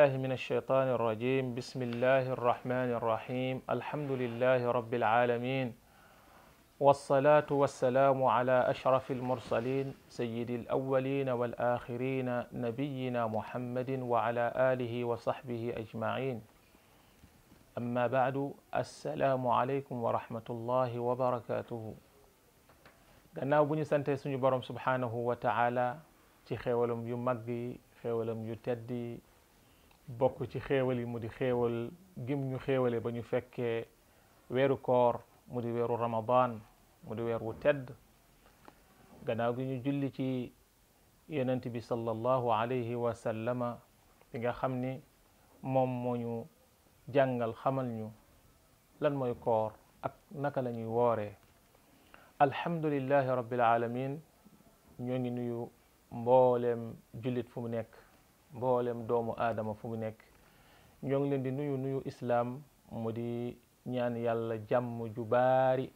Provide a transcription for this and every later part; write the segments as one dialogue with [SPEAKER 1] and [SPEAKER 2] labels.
[SPEAKER 1] بالله من الشيطان الرجيم بسم الله الرحمن الرحيم الحمد لله رب العالمين والصلاة والسلام على أشرف المرسلين سيد الأولين والآخرين نبينا محمد وعلى آله وصحبه أجمعين أما بعد السلام عليكم ورحمة الله وبركاته قلنا bu سنتي سنجبرم سبحانه وتعالى تخيولم يمقي خيولم يتدي bokk ci xéewal yi mu di xéewal gim ñu xéewale ba ñu fekkee weeru koor mu di weeru ramadan mu di weer wu tedd gannaaw gi ñu julli ci yonent bi sallallahu alayhi wa sallama bi nga xam ni moom moo ñu jàngal xamal ñu lan mooy koor ak naka la ñuy woore wooree alhamdulillahi rabbil alamin ñoo ngi nuyu mbooleem jullit fu mu nekk mboolem doomu aadama fu mu nekk ñoo ngi leen di nuyu nuyu islaam mu di ñaan yàlla jàmm ju baari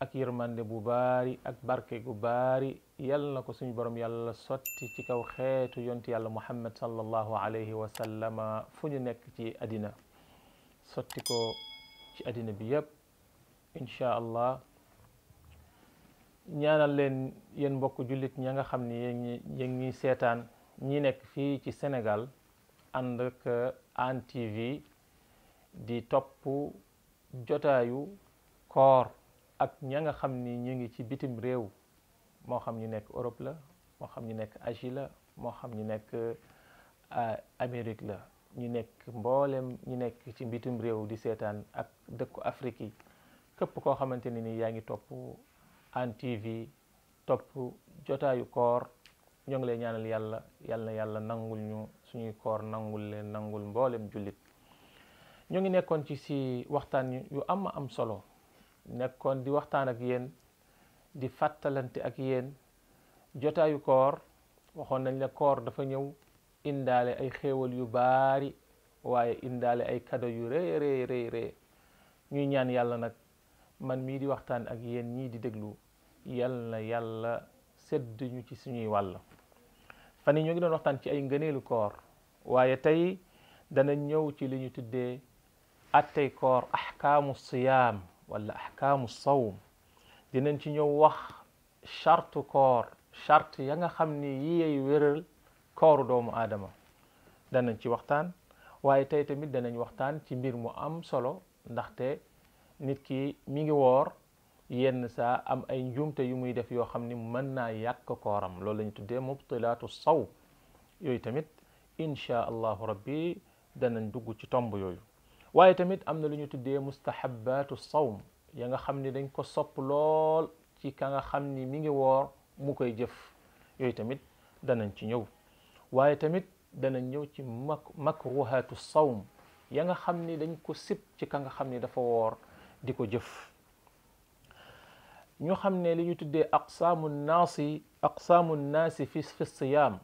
[SPEAKER 1] ak yërmande bu baari ak barke gu baari yàlla na ko suñu borom yàlla sotti ci kaw xeetu yonti yàlla muhammad sallallahu alayhi wa sallama fu ñu nekk ci àddina sotti ko ci àddina bi yépp incha allah ñaanal leen yéen mbokk jullit ña nga xam ne yéen ñi seetaan ñi nekk fii ci senegal ànd ak uh, Hann TV di topp jotaayu koor ak ña nga xam ni ñu ngi ci bitim réew moo xam ñu nekk Europe la moo xam ñu nekk Asie la moo xam ñu nekk uh, Amérique la ñu nekk mboolem ñu nekk ci bitim réew di seetaan ak dëkku Afrique yi képp koo xamante ne ni yaa ngi topp Hann TV topp jotaayu koor ñoo ngi lay ñaanal yàlla yàlla yàlla nangul ñu suñuy koor nangul leen nangul mboolem jullit ñoo ngi nekkoon ci si waxtaan yu am am solo nekkoon di waxtaan ak yeen di fàttalante ak yéen jotaayu koor waxoon nañ la koor dafa ñëw indaale ay xéewal yu baari waaye indaale ay kado yu rëy rëy ñuy ñaan yàlla nag man mii di waxtaan ak yéen ñii di déglu yal na yàlla sedd ñu ci suñuy wàll fan yi ñoo ngi doon waxtaan ci ay ngëneelu koor waaye tey dana ñëw ci lu ñu tuddee attey koor ahkaamu siyaam wala ahkaamu sawm dinañ ci ñëw wax chartu koor charte ya nga xam ni yiyey wéral kooru doomu aadama danañ ci waxtaan waaye tey tamit danañ waxtaan ci mbir mu am solo ndaxte nit ki mi ngi woor yenn saa am ay njuumte yu muy def yoo xam ni mën naa yàq kooram loolu la ñu tuddee mubtilaatu saw yooyu tamit insha allah rabbi danañ dugg ci tomb yooyu waaye tamit am na lu ñu tuddee mustahabaatu sawm ya nga xam ni dañ ko sopp lool ci ka nga xam ni mi ngi woor mu koy jëf yooyu tamit danañ ci ñëw waaye tamit danañ ñëw ci makruhatu sawm ya nga xam ni dañ ko sib ci ka nga xam ni dafa woor di ko jëf ñu xam ne li ñu tudde aqsaamu naasi aqsaamu naasi fi fi siyaam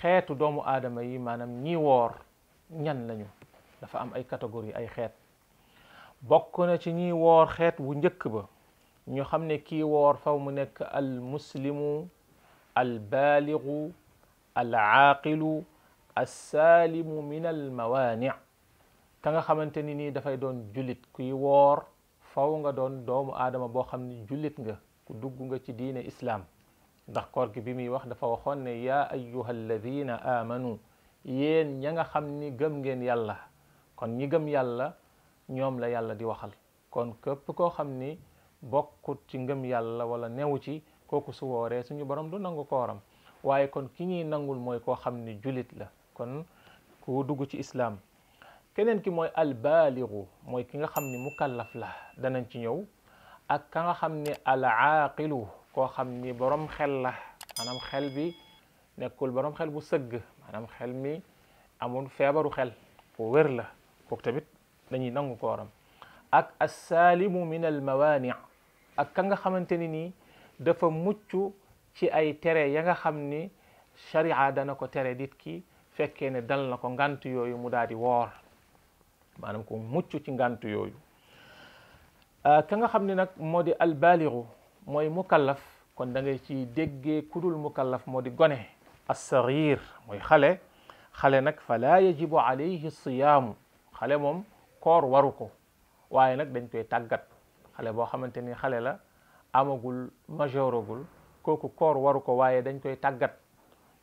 [SPEAKER 1] xeetu doomu aadama yi maanaam ñi woor ñan lañu dafa am ay catégorie ay xeet bokk na ci ñi woor xeet wu njëkk ba ñu xam ne kii woor faw mu nekk al muslimu al baaligu al aaqilu min al mawaani ka nga xamante ni nii dafay doon julit kuy woor faw nga doon doomu aadama boo xam ne jullit nga ku dugg nga ci diine islaam ndax koor gi bi muy wax dafa waxoon ne yaa ayyuha alladina amanu yéen ña nga xam ni gëm ngeen yàlla kon ñi gëm yàlla ñoom la yàlla di waxal kon képp koo xam ni bokkut ci ngëm yàlla wala newu ci kooku su wooree suñu borom du nangu kooram waaye kon ki ñuy nangul mooy koo xam ni julit la kon ku dugg ci islaam كنن كي موي البالغ موي كيغا خامني مكلف لا دا نانتي نيو اك كاغا خامني العاقل كو خامني بروم خيل لا مانام خيل بي نيكول بروم خيل بو سغ مانام خيل مي امون فيبرو خيل كو وير لا كوك تابيت داني نانغو كورم اك السالم من الموانع اك كاغا خامتيني ني دا فا موتشو تي اي تيري ياغا خامني شريعه دا نكو تيري ديت كي فكيني دال نكو غانتو يوي مو وور maanaam ko mucc ci ngànt yooyu euh, ka nga xam ne nag moo di albaaligu mooy mukallaf kon dangay ci déggee kudul mukallaf moo di gone assarir mooy xale xale nag fala yajibu alayhi siyaamu xale moom koor waru ko waaye nag dañ koy tàggat xale boo xamante ni xale la amagul majeuragul kooku koor waru ko waaye dañ koy tàggat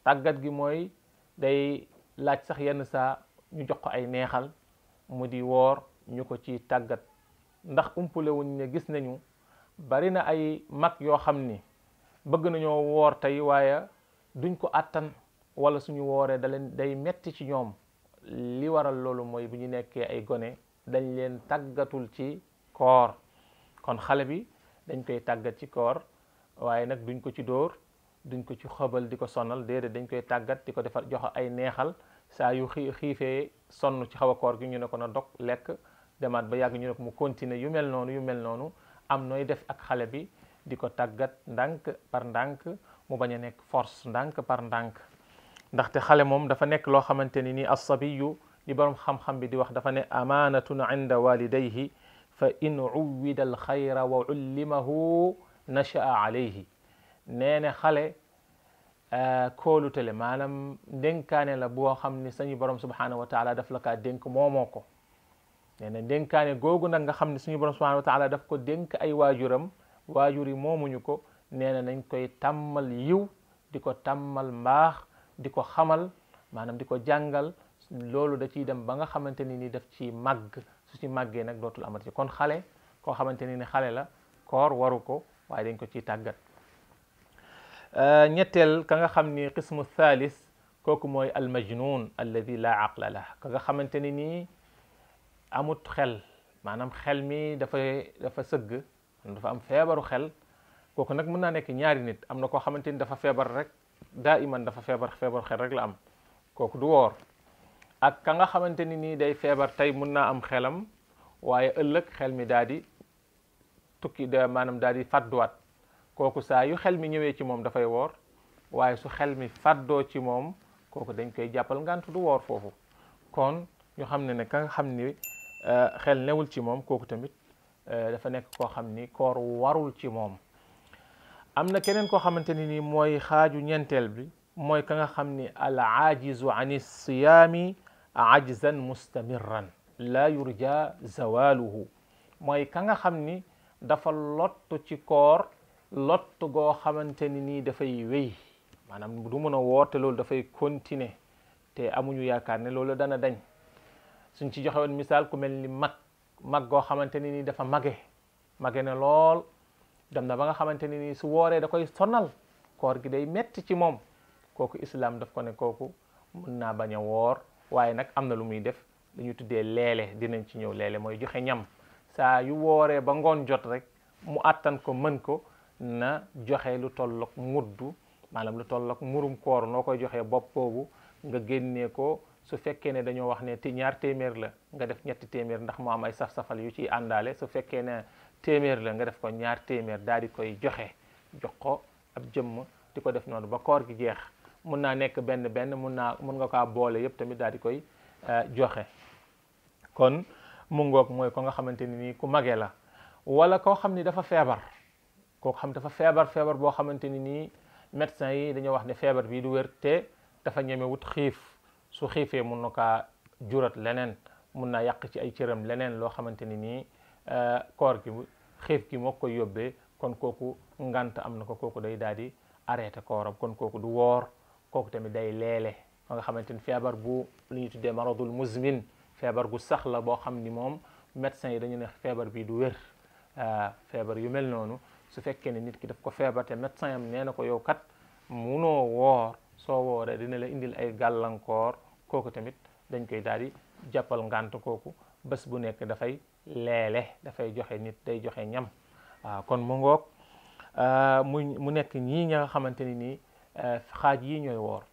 [SPEAKER 1] tàggat gi mooy day laaj sax yenn sa ñu jox ko ay neexal mu di woor ñu ko ci tàggat ndax umpule ne gis nañu bari na ay mag yoo xam ni bëgg nañoo woor tey waaye duñ ko àttan wala suñu wooree da leen day metti ci ñoom li waral loolu mooy bu ñu nekkee ay gone dañ leen tàggatul ci koor kon xale bi dañ koy tàggat ci koor waaye nag duñ ko ci dóor duñ ko ci xëbal di ko sonal déedéet dañ koy tàggat di ko defar jox ay neexal saa yu xii xiifee sonn ci xaw a koor gi ñu ne ko na dog lekk demaat ba yàgg ñu ne ko mu continuer yu mel noonu yu mel noonu am nooy def ak xale bi di ko tàggat ndànk par ndànk mu bañ a nekk force ndànk par ndànk ndaxte xale moom dafa nekk loo xamante ni ni assabiyu li borom xam-xam bi di wax dafa ne amaanatun inda walidayhi fa in uwida alxayra wa ullimahu nashaa alayhi nee ne xale Euh, kóolute le maanaam dénkaane la boo xam ne suñu borom subhanahu wa taala daf la kaa dénk moomoo ko nee na dénkaane googu nag nga xam ne suñu borom subhanahu wa taala daf ko dénk ay waajuram waajur yi moomuñu ko nee na nañ koy tàmmal yiw di ko tàmmal mbaax di ko xamal maanaam di ko jàngal loolu da ciy dem ba nga xamante ni ni daf ci màgg su ci màggee nag dootul ci kon xale koo xamante ni ne xale la koor waru ko waaye dañ ko ciy tàggat ñetteel ka nga xam ni qismu thalis kooku mooy almajnun alladi la aqla la ka nga xamante ni nii amut xel maanaam xel mi dafa dafa sëgg dafa am feebaru xel kooku nag mën naa nekk ñaari nit am na koo xamante ni dafa feebar rek daa iman dafa feebar feebaru xel rek la am kooku du woor ak ka nga xamante ni nii day feebar tey mën naa am xelam waaye ëllëg xel mi daal di tukki maanaam daal di fàdduwaat kooku saa yu xel mi ñëwee ci moom dafay woor waaye su xel mi fàddoo ci moom kooku dañ koy jàppal ngant du woor foofu kon ñu xam ne ne ka nga xam ni xel newul ci moom kooku tamit dafa nekk koo xam ni koor warul ci moom am na keneen koo xamante ni nii mooy xaaju ñenteel bi mooy ka nga xam ni al ajizu an siyaami ajzan mustamirran la yurja zawaluhu mooy ka nga xam ni dafa lottu ci koor lott goo xamante ni nii dafay wéy maanaam du mën a woote loolu dafay continuer te amuñu yaakaar ne loolu dana dañ suñ ci joxe woon misaal ku mel ni mag mag goo xamante ni nii dafa mage mage na lool dem na ba nga xamante ni nii su wooree da koy sonal koor gi day metti ci moom kooku islam daf ko ne kooku mën naa bañ a woor waaye nag am na lu muy def dañu tuddee leele dinañ ci ñëw leele mooy joxe ñam saa yu wooree ba ngoon jot rek mu attan ko mën ko na joxe lu tolloog muddu maanaam lu tolloog murum koor noo koy joxe bopp boobu nga génnee ko su fekkee ne dañoo wax ne ti ñaar téeméer la nga def ñetti téeméer ndax mu am ay saf-safal yu ci àndaale su fekkee ne téeméer la nga def ko ñaar téeméer daal di koy joxe jox ko ab jëmm di ko def noonu ba koor gi jeex mun naa nekk benn benn mun naa mun nga kaa boole yépp tamit daal di koy eh, joxe kon mu ngoog mooy ko nga xamante ni ku mage la wala koo xam ni dafa feebar kooku xam dafa feebar feebar boo xamante ni nii médecin yi dañoo wax ne feebar bii du wér te dafa ñeme wut xiif su xiifee mun na kaa jurat leneen mun naa yàq ci ay cëram leneen loo xamante ni nii eh, koor gi xiif ki mook koy yóbbee kon kooku ngant am na ko kooku day daal di arrêté kooram kon kooku du woor kooku tamit day leele ba nga xamante ni feebar bu lu ñu tuddee maradul muzmin feebar gu sax la boo xam ni moom médecin yi dañu ne feebar bii du wér eh, feebar su fekkee ne nit ki daf ko feebar te médecin am nee na ko yow kat munoo woor soo wooree dina la indil ay gàllankoor kooku tamit dañ koy daal di jàppal ngànt kooku bés bu nekk dafay leele dafay joxe nit day joxe ñam waaw ah, kon mu ngoog ah, mu mu nekk ñii ña nga xamante ni nii xaaj yi ñooy woor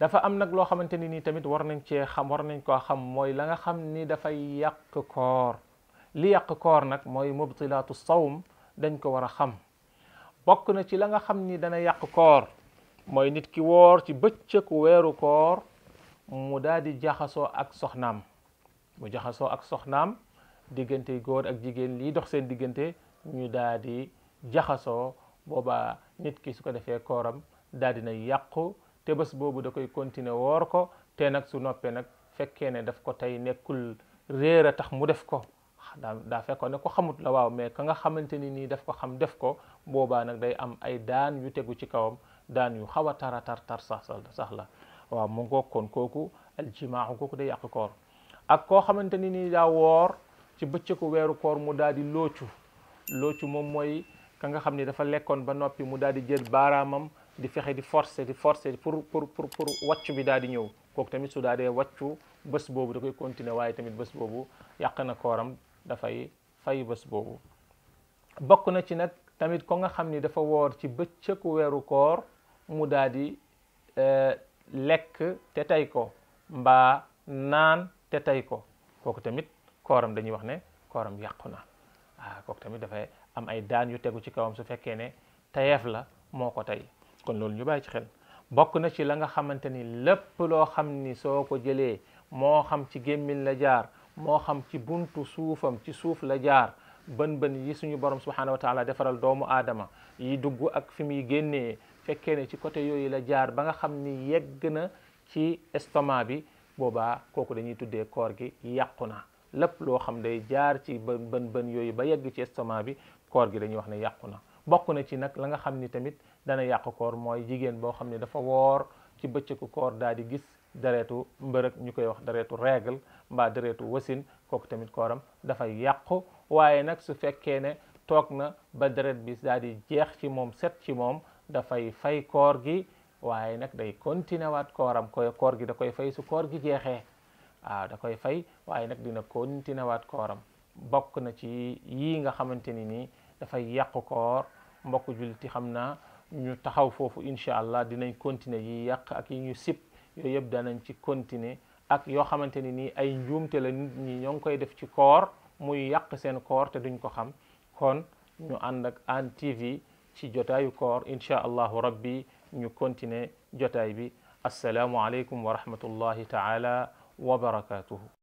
[SPEAKER 1] dafa am nag loo xamante ni nii tamit war nañ cee xam war nañ koo xam mooy la nga xam ni dafay yàq koor li yàq koor nag mooy mubtilaatu sawm dañ ko war a xam bokk na ci la nga xam ni dana yàq koor mooy nit ki woor ci bëccëgu weeru koor mu daal jaxasoo ak soxnaam mu jaxasoo ak soxnaam diggante góor ak jigéen lii dox seen diggante ñu daal jaxasoo booba nit ki su ko defee kooram daal di na yàqu te boobu da koy continuer woor ko te nag su noppee nag fekkee ne def ko tey nekkul réer a tax mu def ko daa daa fekkoon ne ko xamut la waaw mais ka nga xamante ni nii daf ko xam def ko boobaa nag day am ay daan yu tegu ci kawam daan yu xaw a tara tar tar sax sax la waaw mu ngoog kon kooku aljimaaxu kooku day yàq koor ak koo xamante ni nii daa woor ci bëccëgu weeru koor mu daal di loocu loocu moom mooy ka nga xam ni dafa lekkoon ba noppi mu daal di jël baaraamam di fexe di forcer di forcer pour pour pour pour wàcc bi daal di ñëw kook tamit su daal dee waccu bës boobu da koy continuer waaye tamit bés boobu yàq na kooram dafay fay bës boobu bokk na ci nag tamit ko nga xam ni dafa woor ci bëccëgu weeru koor mu daal di eh, lekk te tey ko mbaa naan te tey ko kooku tamit kooram dañuy wax ne kooram yàqu na waaw ah, kooku tamit dafay am ay daan yu tegu ci kawam su fekkee ne tayeef la moo ko tey kon loolu ñu bàyyi ci xel bokk na ci la nga xamante ni lépp loo xam ni soo ko jëlee moo xam ci gémmiñ la jaar moo xam ci buntu suufam ci suuf la jaar bën bën yi suñu borom subhanahu wa taala defaral doomu aadama yi dugg ak fi muy génnee fekkee ne ci côté yooyu la jaar ba nga xam ni yegg na ci estomac bi boobaa kooku dañuy tuddee koor gi yàqu na lépp loo xam day jaar ci bën bën yooyu ba yegg ci estomac bi koor gi dañuy wax ne yàqu na bokk na ci nag la nga xam ni tamit dana yàq koor mooy jigéen boo xam ne dafa woor ci bëccëgu koor daal di gis deretu mbërëg ñu koy wax deretu règle mbaa deretu wasin kooku tamit kooram dafay yàqu waaye nag su fekkee ne toog na ba deret bi daal di jeex ci moom set ci moom dafay fay koor gi waaye nag day continuer waat kooram koy koor gi da koy fay su koor gi jeexee waaw da koy fay waaye nag dina continuer waat kooram bokk na ci yi nga xamante ni nii dafay yàqu koor mbokk julliti xam naa ñu taxaw foofu incha allah dinañ continuer yi yàq ak yi ñu sip yooyu yëpp danañ ci continuer ak yoo xamante ni nii ay njuumte la nit ñi ñoo ngi koy def ci koor muy yàq seen koor te duñ ko xam kon ñu ànd ak Hann TV ci jotaayu koor incha allahu rabbi ñu continuer jotaay bi assalaamu aleykum wa rahmatullahi taala wa barakatuhu